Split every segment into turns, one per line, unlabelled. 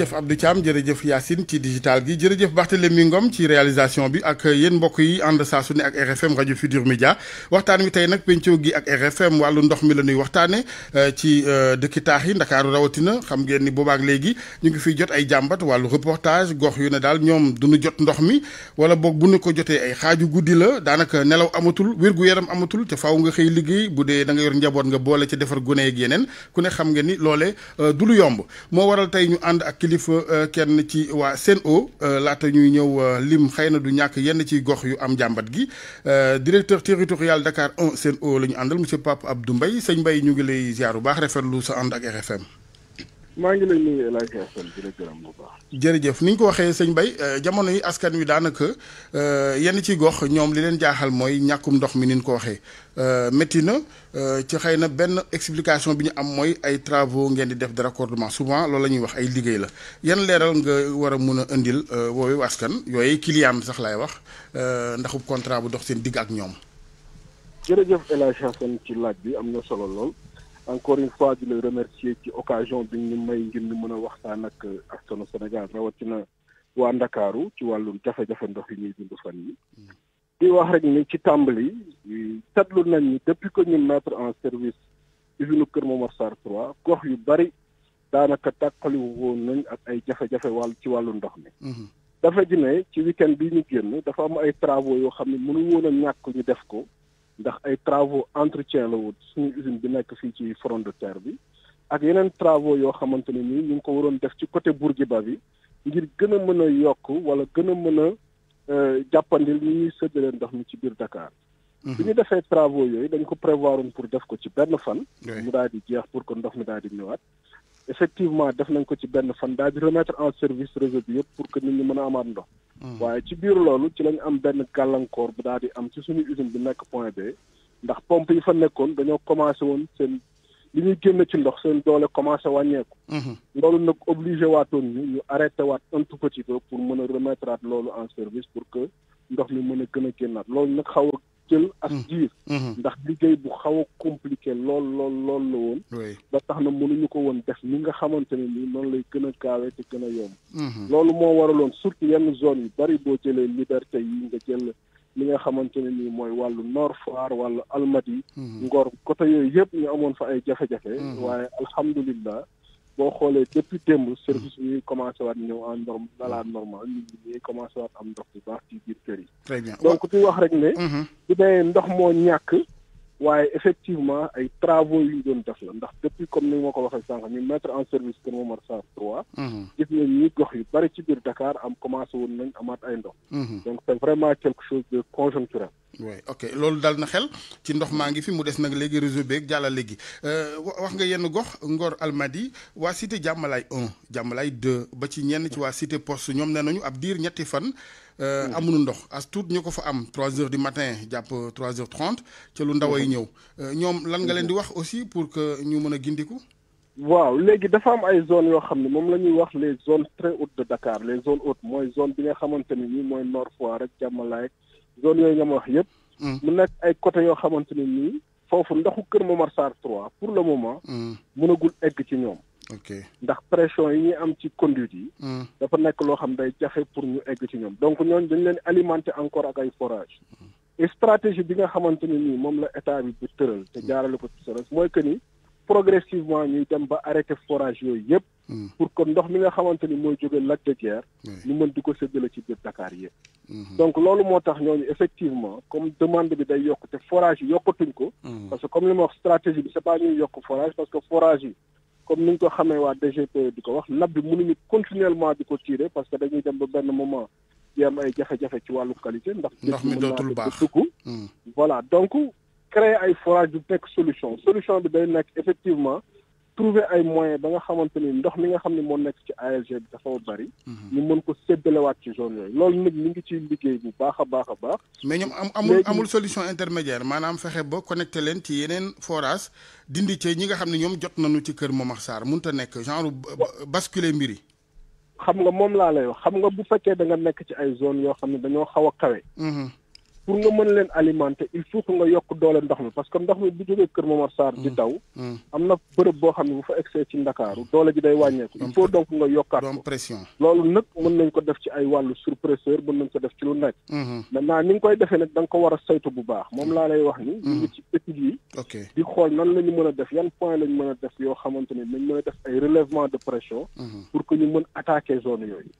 jërëjëf Abdou Thiam jërëjëf Yacine ci digital gi jërëjëf Barthélémy Ngom ci réalisation bi ak yéen mbokk yi ànd saa su ne ak RFM rajo Futur Media waxtaan wi tey nag pencoo gi ak RFM wàllu ndox mi la ñuy waxtaane euh, ci euh, dëkki taax yi ndakaaru rawatina xam ngeen ni boobaak léegi ñu ngi fiy jot ay jàmbat wàllu reportage gox yu ne daal ñoom du ñu jot ndox mi wala boog bu ñu ko jotee ay xaaju guddi la daanaka nelaw amatul wér-gu-yaram amatul ca faw nga xëy liggéey bu dee da nga yor njaboot nga boole ci defar gone ak yeneen ku ne xam nga ni loole euh, du yomb kilifa euh, kenn ci waa seen o euh, laata ñuy ñëw euh, lim xëy na du ñàkk yenn ci gox yu am jàmbat gi directeur territorial Dakar 1 Sen'Eau la ñu àndal monsieur Pape Abdou mbay sëñ mbay ñu ngi lay ziar bu baax lu sa ànd ak RFM.
maa ngi lay nuyu
jërëjëf ni ñu ko waxee sëñ Bay euh, jamono yi askan wi daanaka euh, yenn ci gox ñoom li leen jaaxal mooy ñàkkum ndox mi ni ko waxee euh, métti na ci xëy na benn explication bi ñu am mooy ay travaux ngeen di def de raccordement souvent loolu la ñuy wax ay liggéey la yan leeral nga war a mun a indil woowu askan yooyu client sax laay wax ndaxub contrat bu dox seen digg ak ñoom.
jërëjëf El Hadj laaj bi am na solo lool. encore une fois di le remercier ci occasion bi ñu may ngir ñu mën a waxtaan ak euh, askanu Sénégal rawatina waa Ndakaaru ci wàllu jafe-jafe ndox yi ñuy dund fan yi di wax rek ni ci tàmbali seetlu nañ ni depuis que ñu mettre en service usine Kër Momar Sarr 3 gox yu bari daanaka tàqali woon nañ ak ay jafe-jafe wàll ci wàllu ndox mi mhm. dafa ji ci weekend bi ñu génn dafa am ay travaux yoo xam ne mënu woon a ñàkk ñu def ko ndax ay travaux entretien la wut suñu usine bi nekk fii ci front de terre bi ak yeneen travaux yoo xamante ne nii ñu ngi ko waroon def ci côté Bourguiba bi ngir gën a mën a yokk wala gën a mën a euh, jàppandil ni ñuy séddalee ndox mi ci biir Dakar. Mhm. bi ñu defee travaux yooyu dañ ko prévoiroon pour def ko ci benn fan. mu daal di jeex pour que ndox mi daal di effectivement def nañ ko ci benn fan daal di en service réseau bi yëpp pour que nit ñi mën a amaat ndox. Hmm. waaye ci biir loolu ci lañ am benn gàllankoor bu daal di am ci suñu usine bi nekk Point B ndax pompe yi fa nekkoon dañoo commencé woon seen li ñuy génn ci ndox seen doole commencé wàññeeku. Hmm. loolu nag obligé waatoon ñu ñu arrêté waat un tout petit pour mën a remettre loolu en service pour que ndox mi mën a gën a génnaat loolu nag xaw jël ak jiir mm. mm-hmm. ndax liggéey bu xaw a compliqué lool lool lool la woon ba tax na mënuñu ko woon def ni nga xamante ne nii noonu lay gën a gaawee te gën a yomb mm-hmm. loolu moo waraloon surtout yenn zone yu bari boo jëlee liberté yi nga jël li nga xamante ne nii mooy wàllu Nord Foire wàllu Almadies mm-hmm. Ngor côté yooyu yëpp ñu amoon fa ay jafe-jafe waaye alhamdulillah boo xoolee depuis démb mm. service bi commencé waat ñëw en norme à la normale nit ñi commencé waat am ndox bu baax ci biir kër yi. très bien donc di wax rek ne. Mm-hmm. bu dee ndox moo ñàkk waaye effectivement ay travaux yu ñu doon def la ndax depuis comme ni ma ko waxee sànq ñu mettre en service Kër Momar Sarr 3. Mhm. gis nañ ni gox yu bari ci biir Dakar am commencé woon nañ amaat ay ndox. Mhm. donc c'est vraiment quelque chose de conjoncturel.
oui ok loolu dal na xel ci ndox maa ngi fi mu des nag léegi réseau beeg jàllale gi euh, wax nga yenn gox Ngor Almadi waa cité Jàmmalaay 1 Jàmmalaay 2 ba ci ñenn ci waa cité poste ñoom nee nañu ab diir ñetti fan. Euh, amuñu ndox as tuut ñu ko fa am trois heures du matin jàpp trois heures 30 ce lu ndaw ay ñëw euh, ñoom lan nga leen di wax aussi pour que ñu mën a gindiku.
waaw léegi dafa am ay zones yoo xam ne moom la ñuy wax les zones très hautes de Dakar les zones hautes mooy zone bi nga xamante ni nii mooy Nord Foire rek Diamalaye zone yooyu nga ma wax yëpp. Hmm. mu nekk ay côté yoo xamante ne nii foofu ndoxu Kër Momar Sarr trois pour le moment. Hmm. mënagul egg ci ñoom. ndax pression yi ñuy am ci conduite yi. Hmm. dafa nekk loo xam day jafe pour ñu egg ci ñoom donc ñooñu dañ leen alimenter encore ak ay forage et stratégie bi nga xamante ni nii moom la état bi di tëral te jaarale ko ci SONES mooy que ni progressivement ñuy dem ba arrêté forage yooyu yëpp. Hmm. pour que ndox mi nga xamante ni mooy jóge lac de Guiers. ñu mën di ko séddale ci biir Dakar yëpp. Hmm. donc loolu moo tax ñooñu effectivement comme demande bi day yokk te forage yi yokkatuñ ko. parce que comme li ma wax stratégie bi c'est pas ñuy yokk forage parce que forage yi comme ni nga ko xamee waa DGPE di wax lab bi mënuñu continuellement diko tirer parce que dañuy dem ba ben moment di am ay jafé jafé ci walu qualité ndax ndox mi dootul baax hmm. voilà donc créer ay forage du nekk solution solution bi day nek effectivement trouver ay moyens ba nga xamante ni ndox mi nga xam ne moo nekk ci ASG bi dafa bari. Mhm. ñu mën ko séddalewaat ci zone yooyu loolu nag mu ngi ci liggéey bu baax a baax a baax. mais ñoom amul amul
solution intermédiaire maanaam fexe ba connecté leen ci yeneen forage dindi ci ñi nga xam ne ñoom jot nañu ci kër Momar Sarr mun a nekk genre basculer mbir yi.
xam nga moom laa la wax xam nga bu fekkee da nga nekk ci ay zone yoo xam ne dañoo xaw a kawe. Mhm. pour nga mën leen alimenter il faut que nga yokk doole ndox mi parce que ndox mi bu jógee Kër Momar Sarr di daw am na bërëb boo xam ne bu fa egsee ci Ndakar doole ji day wàññeeku il faut donc nga yokkaat ko pression loolu nag mën nañ ko def ci ay wàllu surpresseur mën nañ ko def ci lu nekk maintenant ni nga koy defee nag da nga ko war a saytu bu baax moom laa lay wax ni ñu ci études yi di xool nan la ñu mën a def yan point la ñu mën a def yoo xamante ne nañ mën a def ay relèvement de pression pour que ñu mën attaquer zone yooyu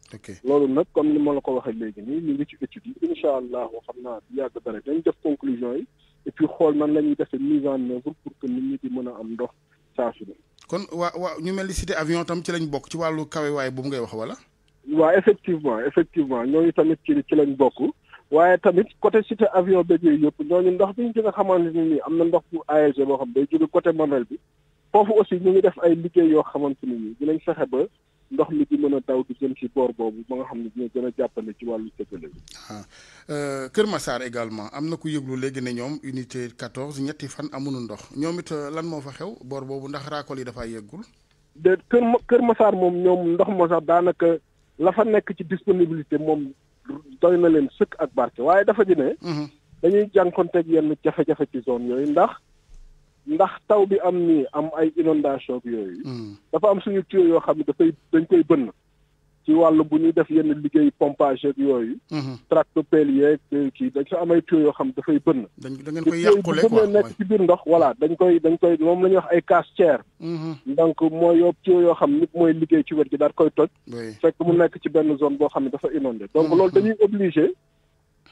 loolu nag comme ni ma la ko waxee léegi nii ñu ngi ci études yi incha allah xam naa yàgg dara dañ def conclusion yi et puis xool nan la ñuy defee mise en œuvre pour que nit ñi di mën a am ndox saa su ne.
kon wa wa ñu mel ni cité avion tam ci lañ bokk ci wàllu kawe waaye bu ngay wax wala.
waaw effectivement effectivement ñooñu tamit ci ci lañ bokk waaye tamit côté cité avion bi yooyu yëpp ñooñu ndox bi nga xamante ni nii am na ndox bu ASG boo xam day jóge côté Mamel bi foofu aussi ñu ngi def ay liggéey yoo xamante ni nii dinañ fexe ba ndox mi di mën a taw di jëm ci boor boobu ba nga xam ne dina a jàppale ci wàllu sëgale bi. Ah.
Euh, Kër Massar également am na ku yëglu léegi ne ñoom unité 14 ñetti fan amuñu ndox ñoom it euh, lan moo fa xew boor boobu ndax raakol yi dafaa yëggul.
de Kër Kër masaar moom ñoom ndox ma sax daanaka la fa nekk ci disponibilité moom doy na leen sëkk ak barke waaye dafa di ne. Mhm. dañuy jànkonteeg yenn jafe-jafe ci zone yooyu ndax. ndax taw bi am nii am ay inondation bi yooyu hmm. dafa am suñu tuyau yoo xam ne dafay dañ koy bënn ci wàll bu ñuy def yenn liggéey pompage ak yooyu hmm. tractopelle yeeg euh, kii dañ sa am ay tuyau yoo xam ne dafay bënn bu nekk ci biir ndox voilà dañ koy dañ koy moom la ñuy wax ay casse-tière hmm. donc mooy yoo tuyau yoo xam ne nit mooy liggéey ci wet gi daal koy toj fekk mu nekk ci benn zone boo xam ne dafa inondé donc loolu dañuy obligé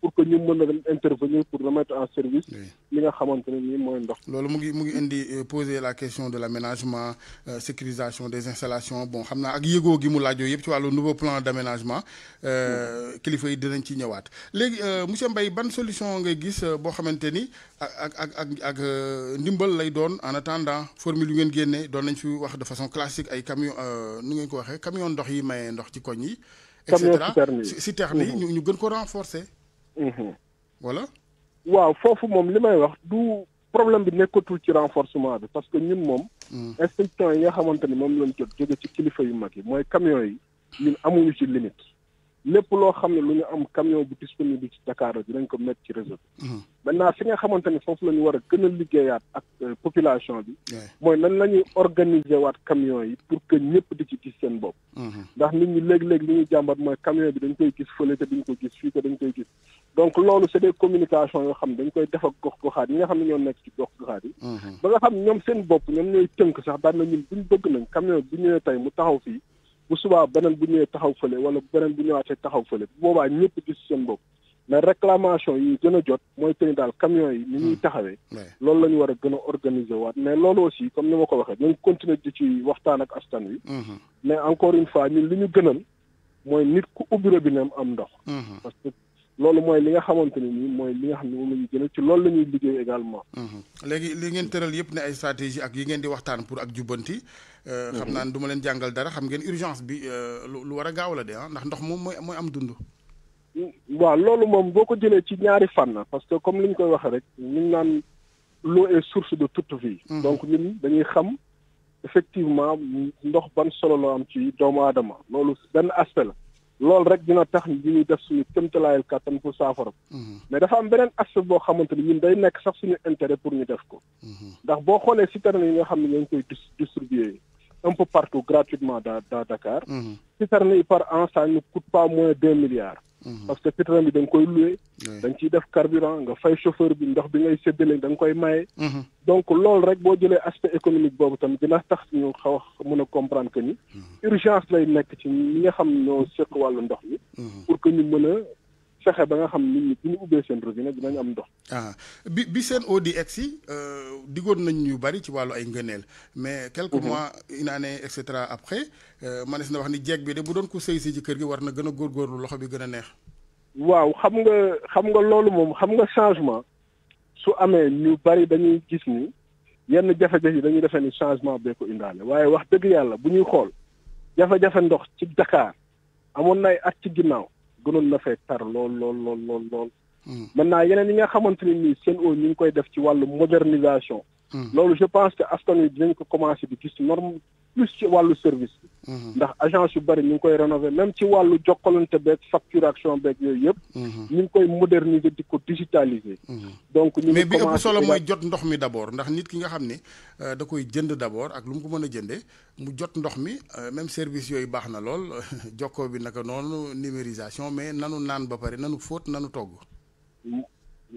pour que ñu mën a intervenir pour remettre en service. li nga xamante ne nii mooy ndox.
loolu mu ngi mu ngi indi euh, poser la question de l' aménagement euh, sécurisation des installations bon xam naa ak yëgoo gi mu laajoo yëpp ci wàllu nouveau plan d' aménagement euh, mm. kilifa yi dinañ ci ñëwaat. léegi monsieur Mbaye ban solution ngay gis boo xamante ni ak ak ak ak ndimbal lay doon en attendant formule yu ngeen génnee doon nañ fi wax de façon classique ay camion nu ngeen ko waxee camion ndox yi maye ndox ci koñ yi.
et cetera citerne yi
mm-hmm. ñu gën
ko renforcer. Mhm. voilà. waaw foofu moom li may wax du problème bi nekkatul ci renforcement bi parce que ñun moom. Mm. instructions yi nga xamante ni moom lañ jot jóge ci kilifa yu mag yi mooy camions yi ñun amuñu ci limite. lépp loo xam ne lu ñu am camion bu disponible ci Dakar dinañ ko mettre ci réseau bi. Mhm. maintenant fi nga xamante ne foofu la ñu war a gën a liggéeyaat ak euh, population bi. mooy nan la ñuy organiser waat camion yi pour que ñëpp di ci gis seen bopp. Mhm. ndax nit ñi léeg-léeg li ñu jàmbat mooy camion bi dañ koy gis fële te duñ ko gis fii te dañ koy gis donc loolu c'est des communications yoo xam ne dañ koy def ak gox goxaat yi nga xam ne ñoo nekk ci gox goxaat yi. Mhm. ba nga xam ñoom seen bopp ñoom ñooy sax daan na ñun nañ camion bi tey mu taxaw fii. bu subaa beneen bu ñëwee taxaw fële wala beneen bu ñëwaatee taxaw fële bu boobaa ñëpp gis seen bopp mais réclamation yi gën a jot mooy que ni daal camions yi ni ñuy hmm. taxawee loolu la ñu war a gën a organiser waat mais loolu aussi comme ni ma ko waxee nañ continuer di ci waxtaan ak askan wi hmm. mais encore une fois ñu li ñu gënal mooy nit ku ubbi robinet am ndox hmm. parce que loolu mooy li nga xamante ne nii mooy li nga xam ne moom la ñuy jëlee ci loolu la ñuy liggéey également.
Mhm.
léegi li ngeen tëral yëpp ne ay stratégie ak yi ngeen di waxtaan pour ak jubbanti. Euh, xam mhm. naa ne du leen jàngal dara xam ngeen urgence bi euh, lu war a gaaw la de ah, ndax ndox moom mooy mooy am dund.
waaw loolu moom boo ko jëlee ci ñaari fànn parce que comme li ñu koy waxee rek ñu naan loo est source de toute vie. Mhm. donc ñun dañuy xam effectivement ndox ban solo la am ci doomu aadama loolu benn aspect la. loolu rek dina tax ñu def suñu këmtalaayal kàttan pour saafara mhm. mais dafa am beneen axe boo xamante ni ñun day nekk sax suñu intérêt pour ñu def ko. Mhm. ndax boo xoolee citerne yi nga xam ne ñoo ngi koy distribuer un peu partout gratuitement dans dans Dakar. Mhm. citerne yi par an ça ne coûte pas moins deux milliards. Mhm. parce que citron bi da nga koy loué. da nga def carburant nga fay chauffeur bi ndox bi ngay séddale da nga koy maye. Mhm. donc loolu rek boo jëlee aspect économique boobu tamit dina tax ñu xaw a mën a comprendre que ni. Mhm. urgence lay nekk ci ñi nga xam ñoo seq wàllu ndox mi. pour que ñu mën a fexe ba nga xam nit ñi bu ñu ubbee seen robinet dinañ am ndox. Ah. bi bi seen eau di egg si
diggoon nañ ñu bari ci wàllu ay ngëneel. mais quelques mhm. mois une année et cetera après euh, maness na wax ni jeeg bi de bu doon ko sëy si ci kër gi war na gën a góorgóorlu loxo bi gën a neex.
waaw xam nga xam nga loolu moom xam nga changement su amee ñu bari dañuy gis ni yenn jafe-jafe yi dañuy defee ni changement bee ko indaale waaye wax dëgg yàlla bu ñuy xool jafe-jafe ndox ci Dakar amoon na at ci ginnaaw. gënoon na fee tar lool lool lool lool lool. Hmm. maintenant yeneen yi nga xamante ne nii Sen'Eau ñu ngi koy def ci wàllu modernisation. Hmm. loolu je pense que askan dinañ ko commencé di gis norme plus ci wàllu service mhm. ndax agence yu bari ñu ngi koy rénover même ci walu jokkalante beeg facturation beeg yooyu yëpp mhm. ñu ngi koy moderniser di ko digitaliser mhm. donc ñu mais bi ëpp solo mooy
jot ndox mi d' abord ndax nit ki nga xam ne euh, da koy jënd d' abord ak lu mu ko mën a jëndee mu jot ndox mi euh, même service yooyu baax na lool jokkoo bi naka noonu numérisation mais nanu naan ba pare
nanu fóot nanu togg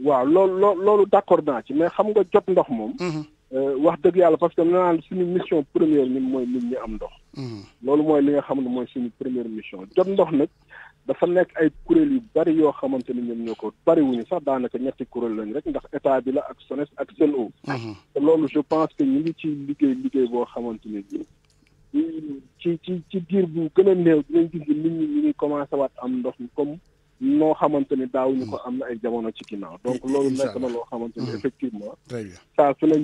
waaw loolu loo loolu d' accord naa ci mais xam nga jot ndox moom Euh, wax dëgg yàlla parce que naan suñu mission première ñun mooy nit ñi am ndox. Hmm. loolu mooy li nga xam ne mooy suñu première mission jot ndox nag dafa nekk ay kuréel yu bari yoo xamante ni ñoom ñoo ko bariwuñu sax daanaka ñetti kuréel lañ rek ndax état bi la ak SONES ak SEN'EAU. o hmm. loolu je pense que ñu ngi ci liggéey liggéey boo xamante ni ci ci ci diir bu gën a néew dinañ gis nit ñi ñu ngi commencé waat am ndox mi comme. non xamante ni daawuñu am na ay jamono ci donc na mm. effectivement ça ñu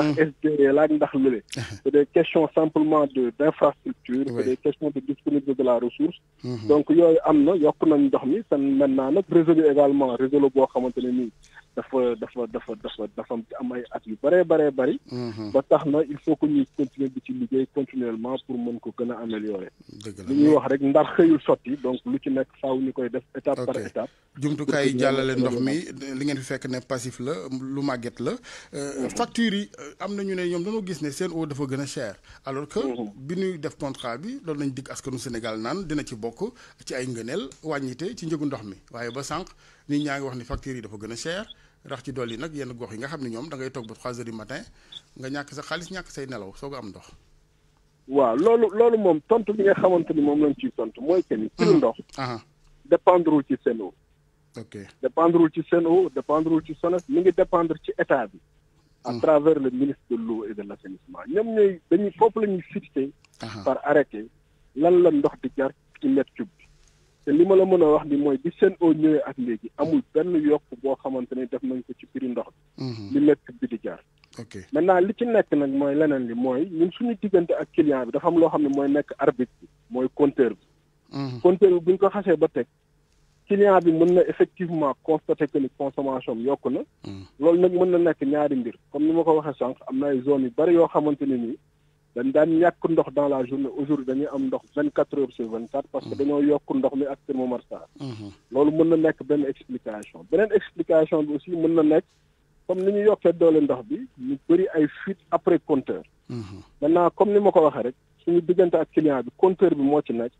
mm. des questions simplement de d'infrastructure des questions de disponibilité de la ressource donc également at yu mm-hmm. ba tax na il faut que continuer continuellement pour li ñuy wax rek ndar xëyul sotti donc lu ci nekk faaw ñu koy def étape par étape.
jumtukaay yi jàllale ndox mi li ngeen fi fekk ne passif la lu màgget la. Euh, mhm. factures yi euh, am na ñu ne ñoom damoo gis ne seen eau dafa gën a cher. alors que mhm. bi ñuy def contrat bi loolu lañ digg askanu Sénégal naan dina ci bokk ci ay ngëneel wàññite ci njëgu ndox mi waaye ba sànq nit ñaa ngi wax ni factures yi dafa gën a cher. rax ci dolli nag yenn gox yi nga xam ne ñoom da toog ba 3 ñàkk sa xaalis ñàkk say nelaw soo am ndox.
waaw loolu loolu moom tontu bi nga xamante ni moom lañ ci tontu mooy que ni. suñu mhm. ndox. dépendrewul ci Sen'Eau. ok dépendrewul ci Sen'Eau dépendrewul ci SONES mi ngi dépendre ci état bi. à mhm. travers le ministre de l'eau et de l'assainissement ñoom ñooy dañuy foofu la ñuy fixé. par arrêté lan la ndox di jar ci mètre cube. te li ma la mën a wax ni mooy bi Sen'Eau ñëwee ak léegi amul benn yokk boo xamante ne def nañ ko ci prix ndox
bi. Mhm. li
nekk bi di jaar. ok maintenant li ci nekk nag mooy leneen li mooy ñun suñu diggante ak client bi dafa am loo xam ne mooy nekk arbitre bi mooy compteur bi. Mhm. compteur bi buñ ko xasee ba teg. client bi mën na effectivement constater que ni consommation yokk na. Mhm. loolu nag mën na nekk ñaari mbir comme ni ma ko waxee sànq am na ay zones yu bari yoo xamante ne nii. dañ daan ndox dans la journée aujourd'hui dañuy am ndox 24 heures sur 24 parce que mm-hmm. dañoo yokk ndox mi ak mm-hmm. loolu mën explication beneen explication bi aussi mën na comme ni ñu yokkee doole ndox bi ñu bëri ay fuite après compteur mm-hmm. maintenant comme ni ma ko waxee rek suñu diggante ak client bi compteur bi moo ci nekk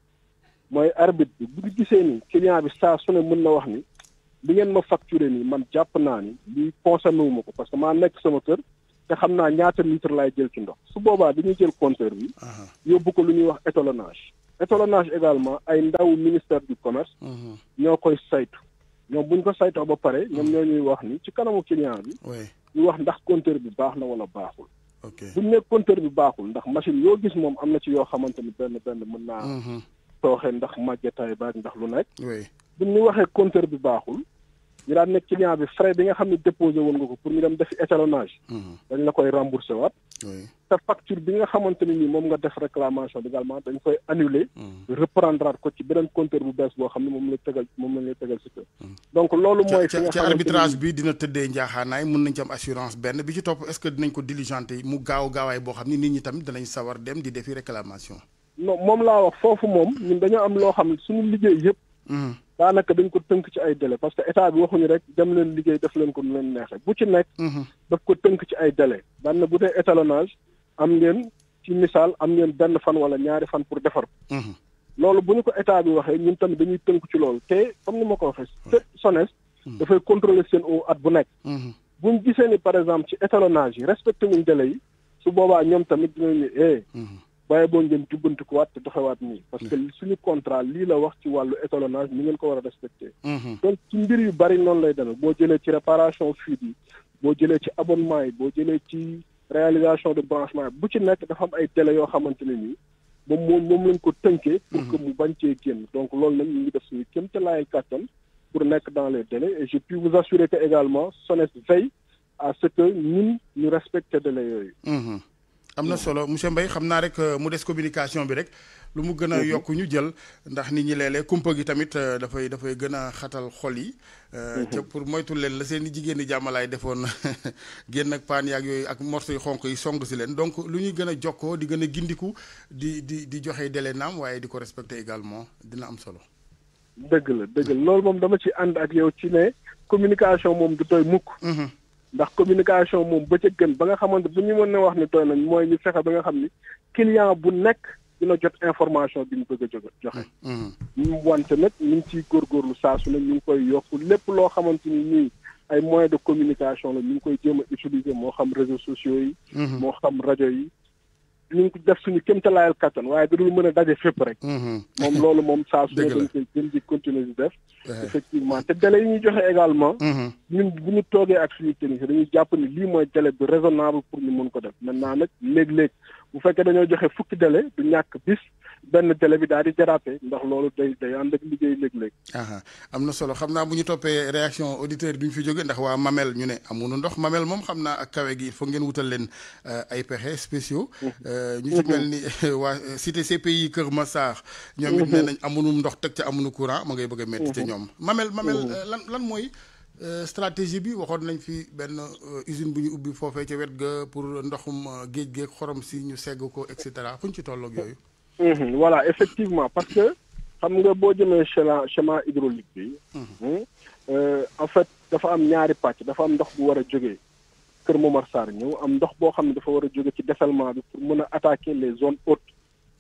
mooy arbitre bi bu ni client bi saa su ne mën wax ni li ma facturé nii man ni lii parce que sama te xam naa ñaata litre laay jël ci ndox su boobaa dañuy jël compteur bi yóbbu ko lu ñuy wax étalonnage étalonnage également ay ndaw ministère du commerce mhm. ñoo koy saytu ñoom buñ ko saytoo ba pare ñoom mhm. ñoo ñuy wax ni ci kanamu client bi ñu wax ndax compteur bi baax na wala baaxul buñ ne compteur bi baaxul ndax machine yoo gis moom am na ci yoo xamante ni benn benn mën naa mhm. tooxee ndax màggetaay baag ndax lu nekk buñ ñu waxee compteur bi baaxul ñu daan nekk client bi frais bi nga xam ne déposé woon nga ko pour ñu dem def étalonnage. Mhm. dañ la koy rembourser waat. te facture bi nga xamante ni moom nga def réclamation également dañ koy annulé. Mhm. reprendre ko ci beneen compteur bu bees boo xam ne moom la tegal moom la ñuy tegal si kër. Mhm. donc loolu mooy. fi nga arbitrage bi
dina tëddee njaaxaanaay mun nañ ci am assurance benn bi ci topp est ce que dinañ ko diligenté mu gaaw gaawaay boo xam ne nit ñi tamit danañ sawar dem di defi réclamation.
non moom laa wax foofu moom ñun dañoo am loo xam suñu liggéey yëpp. daanaka dañ ko tënk ci ay délai parce que état bi waxuñu rek dem leen liggéey def leen ko nu leen neexee bu ci nekk. Mhm. daf ko tënk ci ay délai. daan na bu dee étalonnage am ngeen ci misaal am ngeen benn fan wala ñaari fan pour defar ko. Mhm. loolu bu ko état bi waxee ñun tamit dañuy tënk ci loolu te comme ni ma ko waxee. fépp SONES. Mhm. dafay contrôler seen eau at bu nekk. bu ñu gisee ni par exemple ci étalonnage yi respecté wuñ délai yi su boobaa ñoom tamit dinañu eh. waaye boo ngeen jubbanti ko waat te doxewaat nii mm. parce que suñu contrat lii la wax ci wàllu étalonnage ni ngeen ko war a respecté mm-hmm. donc ci mbir yu bari noonu lay demee boo jëlee ci réparation fuite yi boo jëlee ci abonnement yi boo jëlee ci réalisation de branchement bu ci nekk dafa am ay délais yoo xamante ne nii moom moom moom lañ ko tënkee pour que mm-hmm. mu bañ cee génn donc loolu nag ñu ngi def suñu kéem ca laayal kàttan pour nekk dans les délais et je puis vous assurer que également SONES veille à ce que ñun ñu respecté délais yooyu
mm-hmm.
am na mm. solo monsieur Mbaye xam naa rek euh, mu des communication bi rek lu mu gën a mm-hmm. yokk ñu jël ndax nit ñi léeg-léeg kumpa gi tamit euh, dafay dafay gën a xatal xol yi ca euh, mm-hmm. pour moytu leen la seen i jigéen di jàmmalaay defoon génn ak paan yaag yooyu ak morso yu xonk yi song si leen donc lu ñuy gën a jokkoo di gën a gindiku di di di joxe délai naam waaye di ko respecté également dina am solo
dëgg la dëgg la loolu moom dama ci ànd ak yow ci ne communication moom du tooy mukk mm-hmm. ndax communication moom ba ca gën ba nga xamante bu ñu mën na wax ni doy nañ mooy ñu fexe ba nga xam ni client bu nekk dina jot information bi ñu bëgg a joxe. ñu mm-hmm. mm-hmm. mm-hmm. wante nag ñu ngi ciy góorgóorlu saa su ne ñu ngi koy yokk lépp loo xamante ni nii ay moyens de communication la ñu ngi koy jéem a utiliser moo xam réseaux sociaux yi. moo xam rajo yi. ñu ngi def suñu kéemtalaayal kattan waaye da dul mën a daje fépp rek. Mhm. moom loolu moom saa su ne dañ di continuer di def. Eh. effectivement te délai yi ñuy joxe également. Mhm. ñun bu ñu toogee ak suñu technicien dañuy jàpp ni lii mooy délai bu raisonnable pour ñu mun ko def maintenant nag léeg-léeg bu fekkee dañoo joxe fukki délai du ñàkk bis. benn télé bi daal di déraper ndax loolu day day ànd ak liggéey léeg-léeg.
am na solo xam naa bu ñu toppee réaction auditeur bi ñu fi jóge ndax waa Mamel ñu ne amuñu ndox Mamel moom xam naa ak kawe gi foog ngeen wutal leen euh, ay pexe spéciaux. Mm-hmm. Euh, ñu ci mel ni euh, waa cité CPI Kër Massar. ñoom it nee mm-hmm. nañ amuñu ndox teg ca amuñu courant ma ngay bëgg a métti ca mm-hmm. ñoom. Mamel Mamel lan lan mooy. stratégie bi waxoon nañ fi benn usine bu ñu ubbi foofee ca wet ga pour ndoxum géej géeg xorom si ñu segg ko et cetera fu ci tolloog yooyu.
Mhm, voilà effectivement parce que xam nga boo jëmee schéma schéma hydraulique bi. Mhm. Hmm, euh, en fait dafa am ñaari pàcc dafa am ndox bu war a jógee Kër Momar Sarr ñëw am ndox boo xam ne dafa war a jóge ci dessalement bi pour mën a attaquer les zones hautes.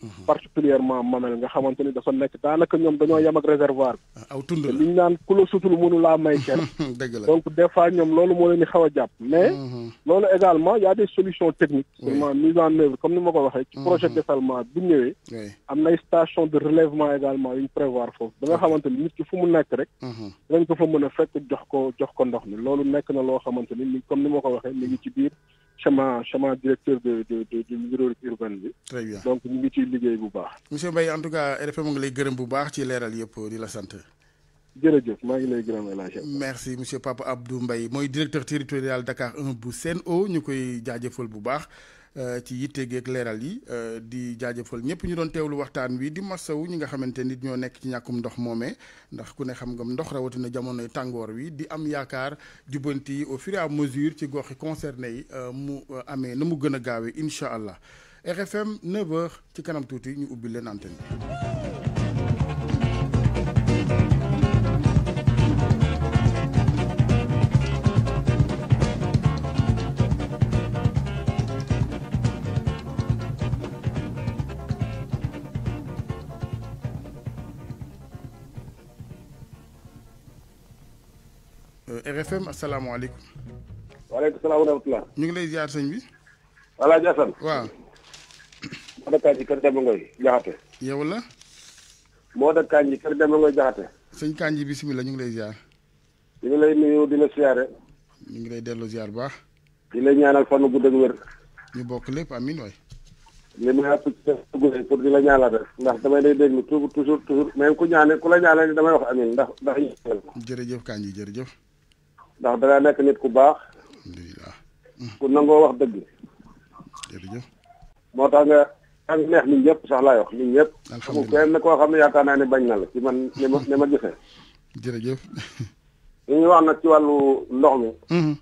Mhm. particulièrement Mamel nga xamante ni dafa nekk daanaka ñoom dañoo yam ak réservoir bi.
Ah, aw
tund la li
ñu naan ku la sutul mënu laa may ker. dëgg la donc des fois ñoom loolu moo leen di xaw a jàpp. mais mhm. loolu également y a des solutions techniques. vraiment mise en œuvre comme ni ma ko waxee. ci mhm. projet dessalement bu ñëwee. am nay station de relèvement également yu prévoir foofu ba nga xamante ni nit ki fu mu nekk rek. dinañ ko fa mën a fekk jox ko jox ko ndox ni loolu nekk na loo xamante ni comme ni ma ko waxee mi ngi ci biir sama sama directeur de de de de très bien donc ñu ngi ciy liggéey bu baax.
monsieur Mbaye en tout cas RFM mu ngi lay gërëm bu baax ci leeral yëpp di la sant. jërëjëf maa ngi lay gërëm merci monsieur Papa Abdou Mbaye mooy directeur territorial Dakar 1 bu SEN'EAU ñu koy jaajëfal bu baax. Euh, ci yitte geeg léral yi euh, di jaajëfal ñepp ñu doon téwlu waxtaan wi di masawu ñi nga xamante nit ñoo nekk ci ñakum ndox momé ndax ku ne xam nga ndox na jamonoy tangor wi di am yaakaar jubanti au fur et à mesure ci gox yi concerné yi euh, mu amé na mu gëna a inshallah RFM 9h ci kanam tuuti ñu ubbi leen antenne FM asalaamaaleykum. waaleykum salaam ñu ngi lay ziar sëñ bi.
Alaaji waaw. moo dëkkaan ci kër Demba Ngoy Jaxate. yow la. moo dëkkaan ci kër Demba Ngoy Jaxate.
sëñ ñu ngi lay ziar.
ñu ngi lay nuyu di la siyaare.
ñu ngi lay dellu ziar bu baax.
di lay ñaanal fan bu dëgg wér. ñu bokk lépp amiin waay. li ma ëpp ci pour di la ñaanal rek ndax damay lay déglu toujours toujours toujours même ku ñaane ku la ñaanal damay wax jër jëf ndax.
jërëjëf Kanji jërëjëf.
ndax danaa nek nit ku baax ku nango wax deug jërëjëf moo nga ak neex ni ñepp sax laay wax ni ñepp mu kenn koo xam ne yaakaar naa ne bañ na la ci man ni ma ni ma gisee jërëjëf li wax nak ci walu ndox mi mm-hmm.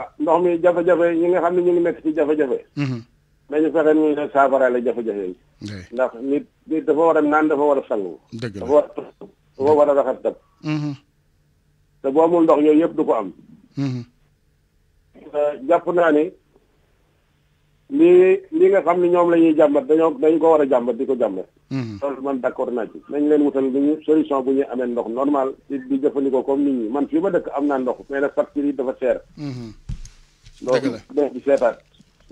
ah ndox mi jafé jafé ñi nga xamni ne ñu ngi nek ci jafé jafe
dañu mm-hmm.
fexé ñu sa saafara la jafé jafé ndax nit nit dafa wara a dafa wara a sangu dafa wara a dafa war a raxas te boo amul ndox yooyu yëpp du ko am. Mm-hmm. Euh, jàpp naa ni lii lii nga xam ni ñoom lañuy ñuy dañoo dañ ko war a jàmbat di ko jàmbat. Mm-hmm. loolu man d' accord naa ci nañ leen wutal lu ñu solution bu ñuy amee ndox normal di di jëfandikoo comme nit ñi man fi ma dëkk am naa ndox mais nag facture yi dafa seer. Mm-hmm. dëgg la loolu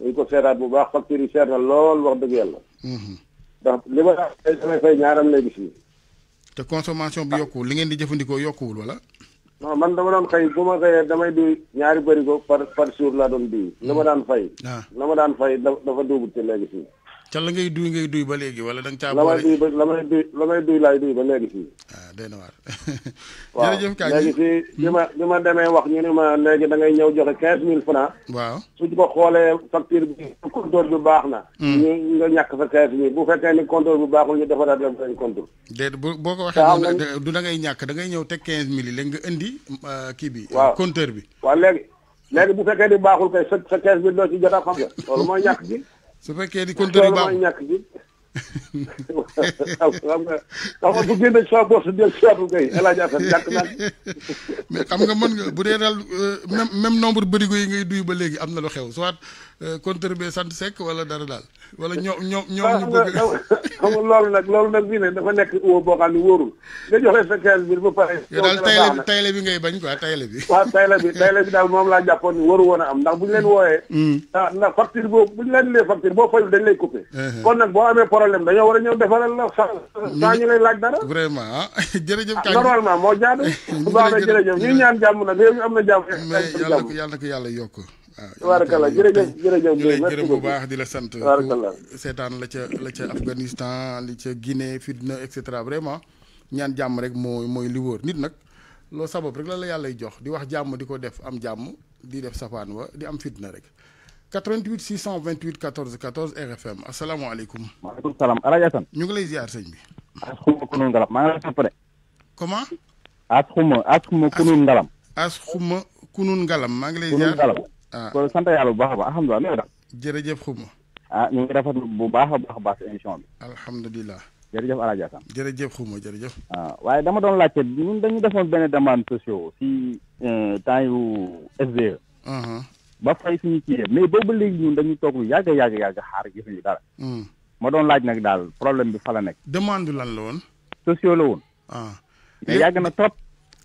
di ko seetaat bu baax facture yi seer na lool wax dëgg yàlla. ndax li ma la wax damay fay ñaaram lay gis.
te consommation bi yokkuwul li ngeen di jëfandikoo yokkuwul wala.
non man dama daan xëy bu ma xëyee damay duy ñaari bërigo go par jour laa doon duy. la mm. ma daan fay. la ah. ma daan fay dafa dugg ci léegi fii.
ca la ngay duy ngay duy ba léegi wala da nga caa boole
la may duy la may duy laay ba léegi fii. Ah, na waar. jërëjëf Ka léegi fii ma bi ma demee wax ñu ne ma léegi da ngay ñëw joxe quinze mille francs. waaw suñ ko xoolee facture bi compteur bi baax na. Hmm. ñu nga ñàkk sa quinze mille bu fekkee ni compteur bu baaxul ñu defaraat la beneen compteur.
déet bu boo du da ngay da ngay ñëw teg quinze mille yi léegi nga indi euh, kii bi. waaw compteur bi.
waaw léegi léegi bu fekkee ni baaxul kay sa sa quinze doo ci jot a xam nga loolu mooy ñàkk gi su fekkee di compteur yu baaxul ñàkk bi xam nga xam nga bu génne sa bopp del siwaatu kay mais xam nga mën nga
bu dee daal euh, même même nombre bërigo yi ngay duy ba léegi am na lu xew soit Euh, compteur bi sant Seck wala dara daal wala ñoom ñoom ñoom ah, ñu bëgg nga
loolu nag loolu nag fii ne dafa nekk woo boo xam ne wóorul nga joxe sa quinze mille ba pare daal tayle bi tayle bi
ngay bañ quoi tayle bi
waaw tayle bi tayle bi daal moom laa jàppoon ni waru woon a am ndax bu ñu leen wooyee hmm. ah ndax facture boobu bu ñu leen lee facture boo fayul dañ lay coupé uh-huh. kon nag boo amee problème dañoo war a ñëw defaral la sa saa hmm. ñu lay laaj dara vraiment ah jërëjëf ka ah, normalement moo jaadu bu baax na jërëjëf ñuy ñaan jàmm nag am na jàmm mais yàlla
ko yàlla waaw
ah, jërëjëf jërëjëf jërëjëf bu baax di la sant.
seetaan la ca la ca Afghanistan li ca Guinée fitna et cetera vraiment ñaan jàmm rek mooy mooy li nit nag loo sabab rek la la yàllay jox di wax jàmm di ko def am jàmm di def safaan wa di am fitna rek 88 628 14 14 RFM asalaamaaleykum.
maaleykum salaam Alaaji ñu ngi lay ziar sëñ bi. asxuma kunun ngalam maa ngi lay topp de. comment. asxuma asxuma kunun ngalam.
asxuma kunun ngalam maa ngi lay ziar kunun ngalam. ah kon
sant yàlla bu baax a baax alhamdulilah nanga def.
jërëjëf Xuma.
ah ñu ngi rafetlu bu baax a baax a baax si émission bi. alhamdulilah. jërëjëf El Hadj Assane.
jërëjëf Xuma jërëjëf.
waaw ah, waaye dama doon laajte ñun dañu defoon benn demande sociaux si euh, temps yu SDE. Uh-huh. ba fay suñu kii mais boobu léegi ñun dañu toog lu yàgg a yàgg yàgg xaar gisuñu dara. Hmm. ma doon laaj nag daal problème bi fa la nekk.
demande lan la woon. sociaux la woon. ah yàgg na trop.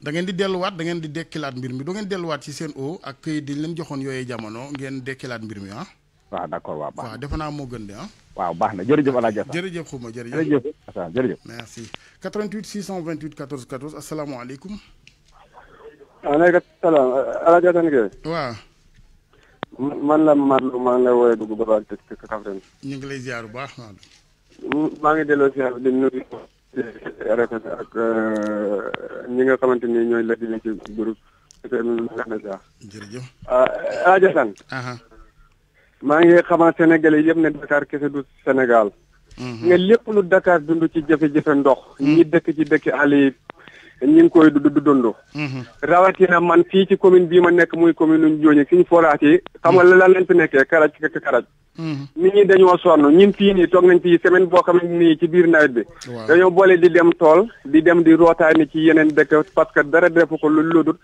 da ngeen di delluwaat da ngeen di dekkilaat mbir mi du ngeen delluwaat ci seen o ak këyit di leen joxoon yooyee jamono ngeen dekkilaat mbir mi ah. waaw d' accord waaw baax waaw defe naa moo gën de ah. waaw baax na jërëjëf El Hadj Assane jërëjëf Xuma jërëjëf jërëjëf
Assane jërëjëf. merci
88 628 14 14 asalaamaaleykum.
waaleykum salaam El Hadj Assane Gueye. waaw. man la man maa ngi lay woowee dugg ba ci Kaffrine.
ñu ngi lay ziaru baax
Madou. maa ngi delloo ziar di nuyu. RFM ak euh, nga xamante ni ñooy la dina ci groupe FMNSA. Ah, maa ngi xamaa Sénégalais yëpp ne Dakar kese du Sénégal. Mhm. nga lépp lu Dakar dund ci jafe-jafe ndox. Mhm. ñi dëkk ci dëkk àll ñu ngi koy du dundoo. Mhm. rawatina man fii ci commune bii ma nekk muy commune ñu Ndiogne suñu forage yi xam nga lan lañ fi nekkee karaj karaj. Mhm. nit ñi dañoo sonn ñun fii nii toog nañ fii semaine boo xam ne nii ci biir nawet bi. dañoo boole di dem tool di dem di rootaay ni ci yeneen dëkk parce que dara defu ko lu ludul.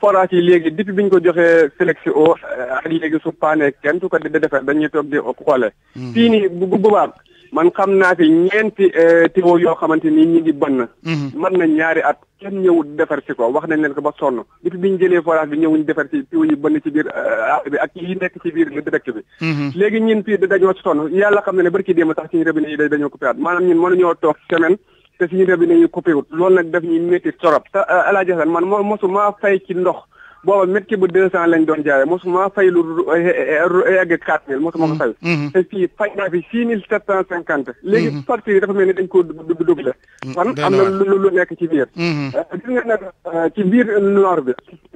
forage yi léegi depuis bi ñu ko joxee sélection o eh, ak léegi su paanee kenn su ko defee dañuy toog di xoole. Mhm. fii nii bu bu baax man xam naa fi ñeenti euh, tiwo yoo xamante nii ñu ngi bënn mhm. mën na ñaari at kenn ñëwul defar si ko wax nañ ne ko ba sonn depuis bi ñu jëlee forage bi ñëwuñ defar si tiwo yi bënn ci biir euh, àll bi ak yi nekk ci biir dëkk bi mhm. léegi ñun fii dañoo sonn yàlla xam na ne bari ci démb sax suñu robinet yi da dañoo coupé at maanaam ñun mënuñoo toog semaine te suñu robinet yi coupé wut loolu nag daf ñu métti torop te euh, Alaaji man moo mosuma fay ci ndox booba mètre bu deux cent lañ doon jaayee mosuma fay lu egg quatre mille mosuma ko fay te fii fay naa fi six mille sept cent cinquante léegi facture yi dafa mel ni dañ ko dugg la kon am na lu nekk ci biir gis ci biir noor bi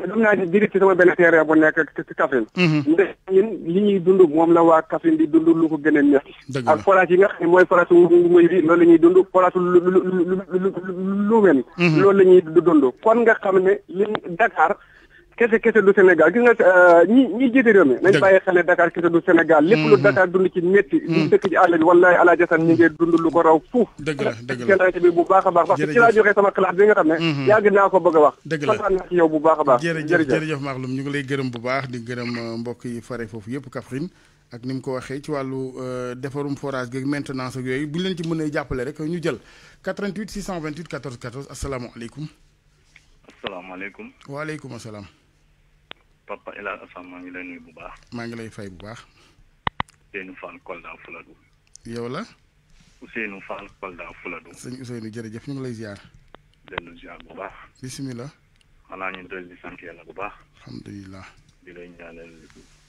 dam naa di direct sama benn terrain bu nekk ci Kaffrine ndax li ñuy dund moom la waa Kaffrine di dund lu ko gën a métti ak forage yi nga xam ne mooy forage muy bi loolu la ñuy dund forage lu lu lu lu lu lu lu lu lu lu lu lu lu lu kese kese du Sénégal gis nga euh, ñi ñi jiite réew mi nañ bàyyi xel ne Dakar kese du Sénégal lépp lu mm-hmm. Dakar dund ci métti mm-hmm. ñu dëkk ci àll bi wallahi ala jasan ñi ngi dund lu ko raw fuuf dëgg la dëgg la bi bu baax a baax parce que ci laa joxee sama bi nga xam ne mm-hmm. yàgg naa ko bëgg a wax dëgg la kontaan naa ci yow a baax jërëjëf jërëjëf
ñu ngi lay gërëm bu baax di gërëm euh, mbokk yi fare foofu yëpp Kaffrine ak ni mu ko waxee ci wàllu euh, defarum forage gi maintenance yooyu bu ñu leen ci mën a jàppale rek ñu jël 88 628 14 14 asalaamaaleykum
asalaamaaleykum
waaleykum asalaam
papa ila Hadj ma ngi lay nuyu bu baax.
ma ngi lay fay e bu baax.
Ousseynou Fall Kolda Fuladu. yow la. Ousseynou Fall Kolda Fuladu. sëñ
Ousseynou jërëjëf ñu ngi lay ziar.
dellu ziar bu baax. bismillah xanaa ñu doon di sant yalla bu baax.
alhamdullilah
di lay ñaanal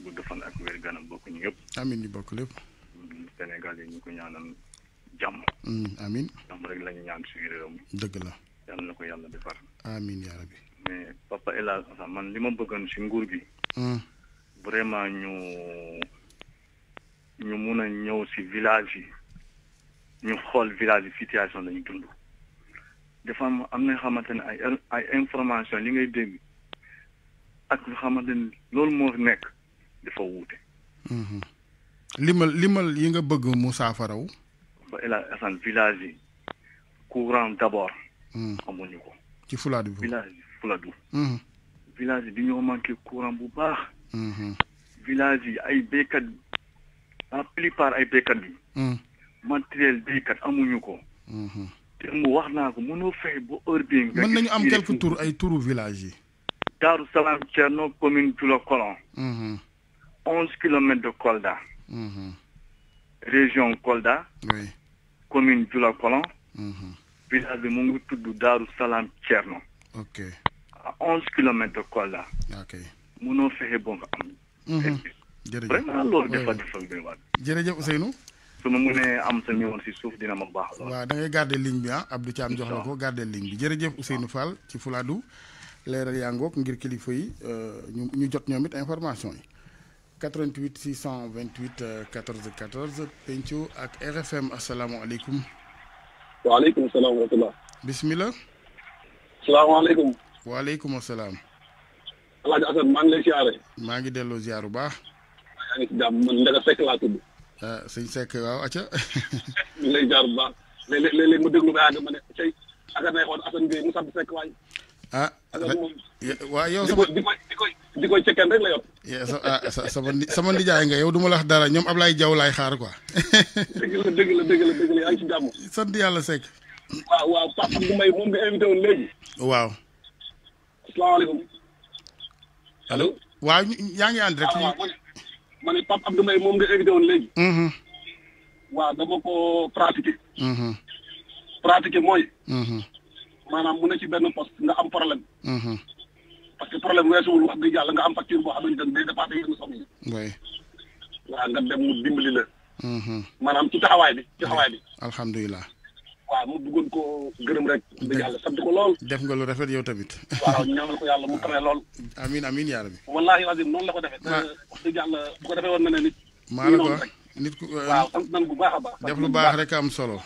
gudd fan ak wér ganam bokku ñu yëpp.
amin ñu bokku lepp
mm, Sénégal yi ñu ko ñaanal jam
mm, amin
jam rek lañu ñaan ci réewum dëgg la. yalla nako yalla defar.
amin ya rabbi.
mais papa El Hadj man li ma bëggoon si nguur gi. Hmm. vraiment ñu ñu mun a ñëw si village yi ñu xool village yi situation lañu dund. dafa am am na xamante ne ay ay information li ngay dégg ak lu xamante ne loolu moo nekk dafa wuute. Hmm.
limal limal yi nga bëgg mu saafaraw.
ba El village yi courant d'abord. Hmm. amuñu ko. ci fulaadu bi village Mhm. village bi ɲɔgɔn kɛ courant bu baax mhm. village ay baykat la plupart ay baykat bi mhm. matériel baykat amuñu ko te mu wax naa ko mënoo fexe bu heure bi nga mën nañu am quelque tour ay
turu village yi
Daru Salam Thierno commune Dioula Kolon onze kilomètres de Kolda région Kolda commune Dioula Kolon village bi mu ngi tudd Salam Thierno ok onze kilomètres Kolda. ok muno fexe ba nga am. jërëjëf vraiment loolu dafa dafa doy waar. jërëjëf Ousseynou. su ma am sa numéro si suuf dina ma baax
lool. waaw da ngay garder ligne bi ah Abdou Thiam jox la ko garder ligne bi jërëjëf Ousseynou Fall ci Fuladu leeral yaa ngir kilifa yi euh, ñu ñu jot ñoom information yi. 88 628 14 14 Penco ak RFM asalaamaaleykum.
waaleykum salaam wa rahmatulah. bisimilah. salaamaaleykum.
waaleykum salaam.
maa ngi lay
maa ngi delloo ziar bu baax.
maa ngi si jàmm man Ndege Seck laa tudd. Ah, lay ziar sama di koy di la yor.
Ah, sama sama nga yow du ma dara ñoom Ablaye Diaw laay xaar quoi.
sant yàlla Seck. waaw waaw Pape Abdou moom nga invité léegi. waaw. salaamaaleykum.
waaw yaa ngi ànd rek. Ah,
moom nga invité woon léegi. Mm-hmm. waaw dama ko pratiquer. Mm-hmm. pratiquer mooy. Mm-hmm. maanaam mu ne ci benn poste nga am problème.
parce que problème weesuwul wax dëgg yàlla nga am facture boo xamante ne day dépassé yenn somme yi. waaw nga dem mu dimbali la. maanaam ci taxawaay bi ci taxawaay bi. alhamdulilah. waaw mu gërëm rek. dëgg yàlla
def nga lu rafet yow tamit.
waaw ñaanal ko yàlla mu
maa la ko nit ku euh, waaw
def lu baax rek am solo.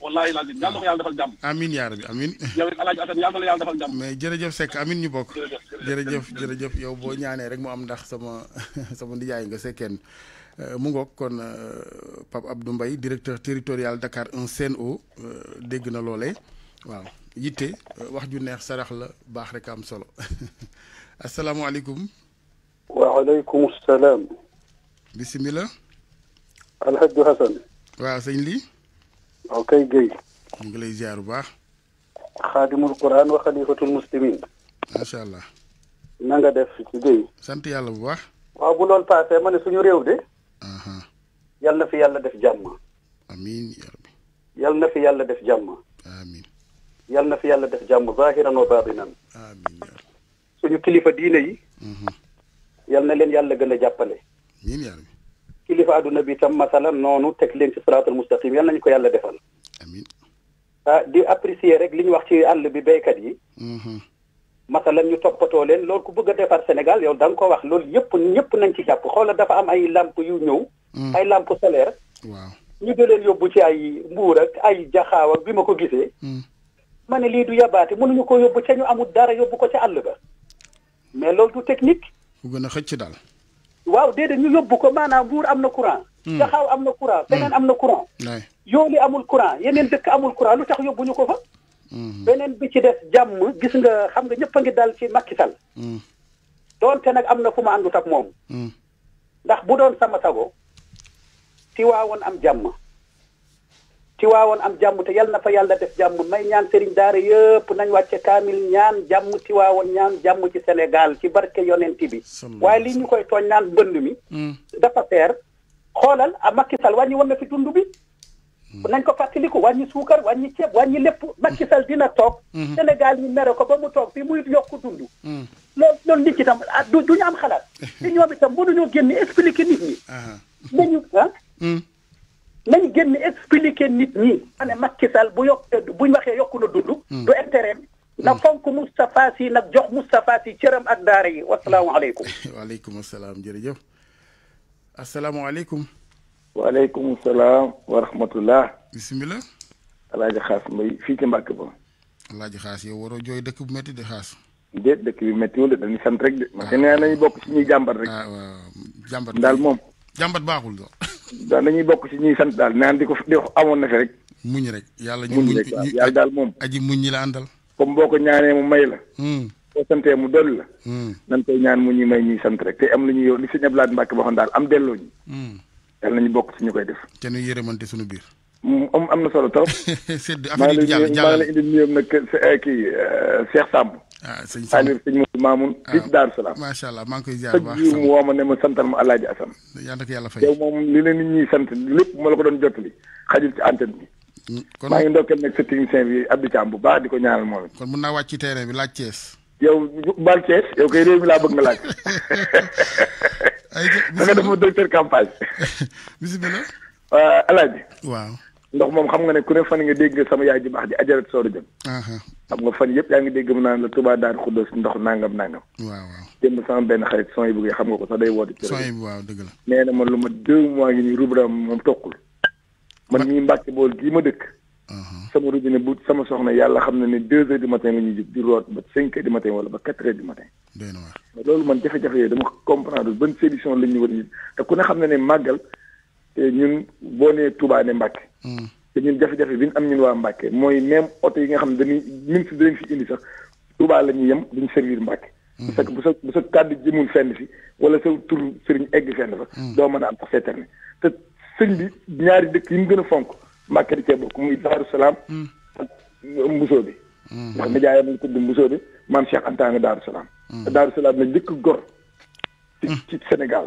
wallaahi lazim yàlla na mais jërëjëf Seck amiin ñu bokk.
jërëjëf yow boo ñaanee
rek moo am ndax sama sama nijaay nga sekkeen Euh, Mungo kon euh, Pape Abdou Mbaye directeur territorial Dakar un CNO euh, dégg na loolee waaw yité wax ju neex sarax la bax rek am solo
Wa waaleykum salaam. Bismillah. Alhaji Hassan.
waaw sëñ lii.
Okay kay Guèye.
mu ngi lay bax
khadimul quran wa xalifatul muslimin. macha allah. na nga def ci Guèye.
sante yalla bu baax.
waaw bu loolu paasee ma suñu réew de. yal na fi yàlla def jàmm. amiin yal na fi yàlla def jàmm. amiin. yal na fi yàlla def jàmm zaahiran wa suñu kilifa diine yi. Mhm. yal na leen yàlla gën a jàppale. kilifa adduna bi tam masalan noonu teg leen ci siraatal mustaqim yal nañu ko yàlla defal. amiin. ah di apprécier rek li ñu wax ci àll bi baykat yi. Mhm. مثلا ñu topato len lool ku bëgg defar Sénégal yow dang ko wax lool yëpp ñëpp nañ ci jàpp xoola dafa am ay lamp yu ñëw. ay lamp solaire. waaw ñu di yóbbu ci ay mbuur ak ay jaxaaw ak bima ko gisee. mané li lii du yabaate mënuñu ko yóbbu ci ñu amul dara yóbbu ko ci àll ba. mais lool du technique.
ku gëna a xëcc daal.
waaw dédé ñu yóbbu ko maanaam mbuur amna courant. jaxaaw amna courant feneen amna courant. yow amul courant yeneen dëkk amul courant lu tax yobbu ñu ko fa. Mhm. beneen bi ci def jàmm gis nga xam nga ñëpp a ngi dal ci Macky Sall mhm. doonte nag am na fu ma àndut ak moom mhm. ndax bu doon sama sago Tiwaawoon am jàmm Tiwaawoon am jàmm te yal na fa yàlla def jàmm may ñaan sëriñ daara yëpp nañ wàcce kaamil ñaan jàmm Tiwaawoon ñaan jàmm ci Sénégal ci barke yonent bi waaye lii ñu koy tooñ naan mbënd mi dafa teer xoolal a ah, Macky Sall wàññi woon na fi dund bi Mm-hmm. nañ ko fàttaliku wàññi suukar wàññi ceeb wàññi lépp Macky Sall dina toog mm-hmm. Sénégal yi mere ko ba mu toog fii muy yokk dund mm-hmm. loolu loolu nit ñi tam ah, du duñu am xalaat te ñoom itam mënuñoo génn expliquer nit ñi uh-huh. nañu ah nañ génn expliquer nit ñi ma ne bu yokk buñ waxee yokku na dund du intérêt na fonk Moustapha Sy nag jox Moustapha Sy cëram ak daara yi wasalaamaaleykum
waaleykum asalaam jërëjëf asalaamaaleykum
waaleykum salaam wa rahmatullah. bisimilah. El Hadj Xaas Mbaye fii ci Mbàkke ba.
El Hadj Xaas yow waroo jooy dëkk bu métti di xaas.
déet dëkk bi méttiwul de dañuy sant rek de. waaw ah, man nañu bokk ñuy jàmbat rek. Ah, waaw daal moom.
jàmbat baaxul do
daal dañuy bokk ci ñuy sant daal naan di ko amoon na fi rek. muñ rek yàlla ñu muñ rek yàlla daal moom. aji
muñ ñi la àndal.
comme boo ko ñaanee mu may la. Hmm. boo santee mu dolli la. Hmm. nañ koy ñaan mu ñuy may ñuy sant rek te am lu ñuy yow li si ñeblaat Mbàkke ba waxoon daal am delloo yàlla ñu bokk ci ñu koy def.
te ñu yërëmante suñu biir.
moom am na solo trop. sedd affaire yi jàll jàll maa ngi indi nuyoo nag eh, kii eh, Cheikh Samb. ah sëñ Samb Aliou sëñ Moussa Mamoun. waaw ah, fii Daaru Salaam. macha allah maa ngi li leen nit ñuy sant lépp ko doon jottali xajul ci antenne mm, ndokkeel nag sa technicien bi Abdou bu baax di ko ñaanal moom it.
kon mun naa wàcc ci bi laaj Thiès.
yow Mbaye Thiès yow réew mi laa bëgg nga laaj. ay da nga ma directeur campagne. bisimilah. Euh, alaaji. waaw. ndox moom xam nga ne ku ne fan nga dégg sama yaay ji baax ji ajarat sooru jëm. xam nga fan yëpp yaa ngi dégg mu naan la Touba Darou Khoudoss ndox nangam nangam. waaw waaw démb sama benn xarit son yi bëgg xam nga ko sax day woote. son
yi waaw dëgg la.
nee na ma lu ma deux mois ngi nii rubram moom tokkul. man ñii Mbàkke bool ma dëkk. Uh-huh. sama robinet bu sama soxna yàlla xam na ne deux heures du matin la ñuy di root ba cinq heures du matin wala ba quatre heures du matin. mais loolu man jafe-jafe yooyu dama comprendre ban solution la ñu war a te ku ne xam na ne màggal ñun boo nee Touba ne Mbàkke. Hmm. te ñun jafe-jafe bi ñu am ñun waa Mbàkke mooy même oto yi nga xam dañuy même si dinañ fi indi sax Touba la ñuy yem duñ servir Mbàkke. bu sa bu sa bu sa kàddu jëmul fenn fi wala sa tur sëriñ egg fenn fa. Hmm. doo mën a am sax te sëñ bi ñaari dëkk yi mu gën a fonk. Mbàkke di cee bokk muy Daaru Salaam. Hmm. bi. Hmm. ndax nijaayam mu tudd Mbusoo bi maam Cheikh antaa nga Daaru Salaam. Hmm. te Daaru Salaam la njëkk gor. ci ci Sénégal.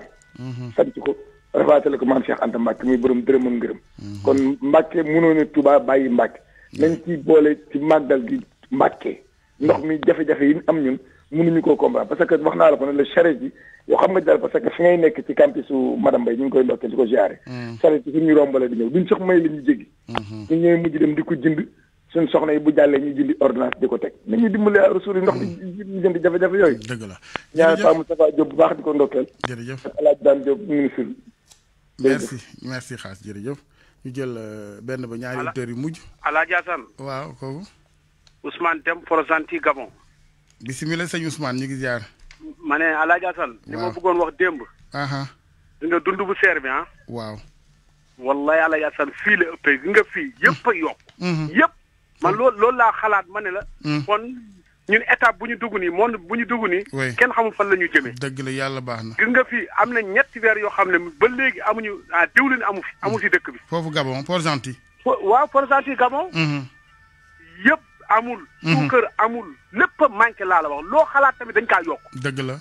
sant ko rafaatale ko maam Cheikh Anta Mbàkke muy borom dërëmam ngërëm. kon Mbàkke mënoon a bàyyi Mbàkke. nañ ci boole ci màggal gi Mbàkke ndox mi jafe-jafe yi am ñun mënuñu koo comprendre parce que wax naa la ko ne la charrette bi yoo xam nga daal parce que fi ngay nekk ci campus su madame ñu ngi koy ndokkee di ko ziare. charrette mm. bi fu ñu rombale di ñëw duñ sax may la ñu jéggi. Mm-hmm. ñu ñooy mujj dem di ko jënd suñ soxna yi bu jàllee ñu jëndi ordonnance di ko teg nañuy dimbali ressources yi ndox di ñu mm. jënd jafe-jafe yooyu. dëgg la ñaan Paa Moustapha Diop baax di ko ndokkeel. jërëjëf ak El Hadj ministre
merci xaas jërëjëf ñu jël euh, benn ba ñaari bisimilah sëñ sa ñu ngi ziar.
ma ne El Hadj Assane. li ma bëggoon wax démb. di nga dund bu seer bi ah. waaw. wallahi El Hadj fii la ëpp gi nga fii yëpp a mm-hmm. yokk. Mm-hmm. yëpp man loolu mm-hmm. loolu laa xalaat ma ne la. kon ñun étape bu ñu dugg nii moom bu ñu dugg nii. kenn xamu fan la ñu jëmee. dëgg la yàlla baax na. gis nga fii am na ñetti weer yoo xam ne ba léegi amuñu ah diwlin amu fi amu si dëkk bi.
foofu Gabon Port Gentil.
waaw Port Gentil Gabon. amul. suukar amul lépp a laa la wax loo xalaat tamit dañ kaa
yokk. dëgg la.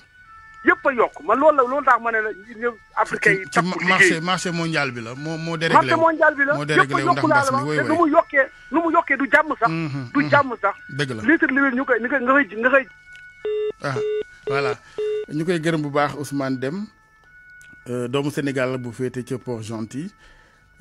yëpp a yokk man loolu la loolu tax ma ne la afrique africain yi. takku liggéey marché
marché mondial bi la moo moo déréglé marché mondial bi la yëpp a yokku laa la wax te nu mu yokkee nu mu yokkee du jàmm sax. Mm-hmm, du mm-hmm. jàmm sax. dëgg la litre litre ñu koy ñu koy nga koy nga koy. ah ñu koy gërëm bu baax Ousmane Deme euh, doomu Sénégal bu féete ca Port Gentil.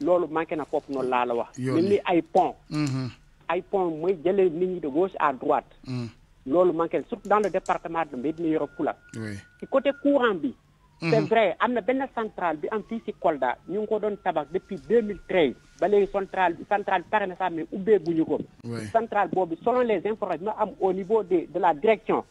loolu manqué na foofu noonu laa la wax mel ni ay pont mhm. ay pont mooy jëlee nit ñi de gauche à droite mhm. loolu manqué surtout dans le département de Médina Yoro Foulah ci côté courant bi mhm. c'est vrai am na benn centrale bi am fii si Kolda ñu ngi ko doon tabax depuis 2013 ba léegi centrale bi centrale bi pare na sax mais ubbeeguñu ko centrale boobu selon les informations am au niveau de de la direction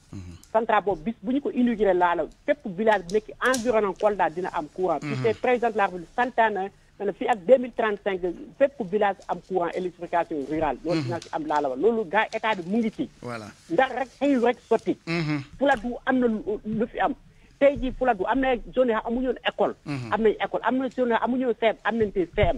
centrale boobu bis bu ñu ko inauguré laa la fépp village bi nekk environnant Kolda dina am courant est président de la République santaane ne fii ak deux mille trente cinq fépp village am courant électrification rurale. loolu dina ci am laa la loolu gaa état bi mu ngi ci. voilà ndax rek xëy rek sotti. Mhm. Fuladu am na lu fi am. tey jii Fuladu am na zone yoo xam amuñu woon école. Mhm. am nañ école am na zone yoo xam amuñu woon CM am nañ ci CM.